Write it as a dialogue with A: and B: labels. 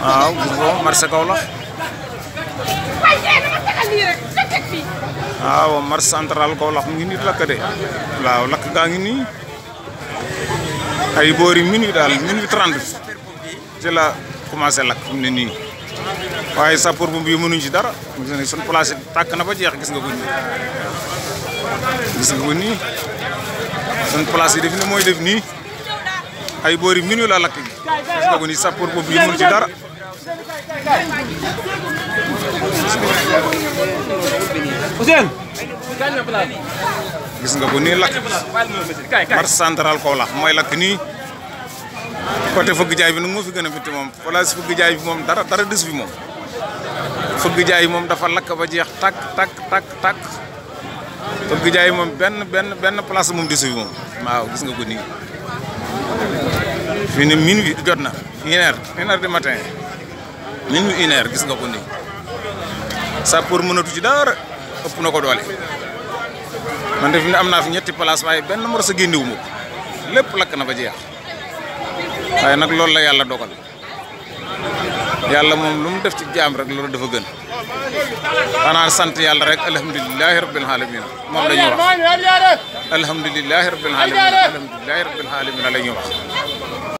A: waaw Gourgon mar Kaolack waaw marché central Kaolack mu ngi nii lakk de waaw lakk gaa ngi nii ay boori minuit daal minuit trente ci la commencé lakk mu ne nii waaye sapeur bu bi mënuñ ci dara gis nga ne suñ place tàkk na ba jeex gis nga ko nii gis nga ko nii suñ place yi def ni ay boori minu la lak gi gis nga ko ni sapeur boobu ñu mën ci dara Hussein gis nga ko ni lak marché central ko Kaolack moy lak ni côté fëgg jaay bi nag moo fi gëna fitti mom moom place fëgg jaay bi mom dara dara dess bi mom fëgg jaay mom dafa lak ba jeex tak tak tak tak fëgg jaay moom ben ben ben place moom desu bi moom waaw gis nga ko nii fini ne minuit jotna na une heure une heure du matin minuit une heure gis nga ko ni nii sapeur mënatu ci dara ëpp nako dole man def ni amna fi ñetti place way ben mor sa génnewu ma ko lépp lakk na ba jeex way nak loolu la yalla dogal yalla mom lu mu def ci jaam rek loolu dafa gën ana sant yalla rek alhamdullilah rabbil alamin mom lañu wax alhamdullilah rabbil alamin alhamdullilah rabbil alamin lañu wax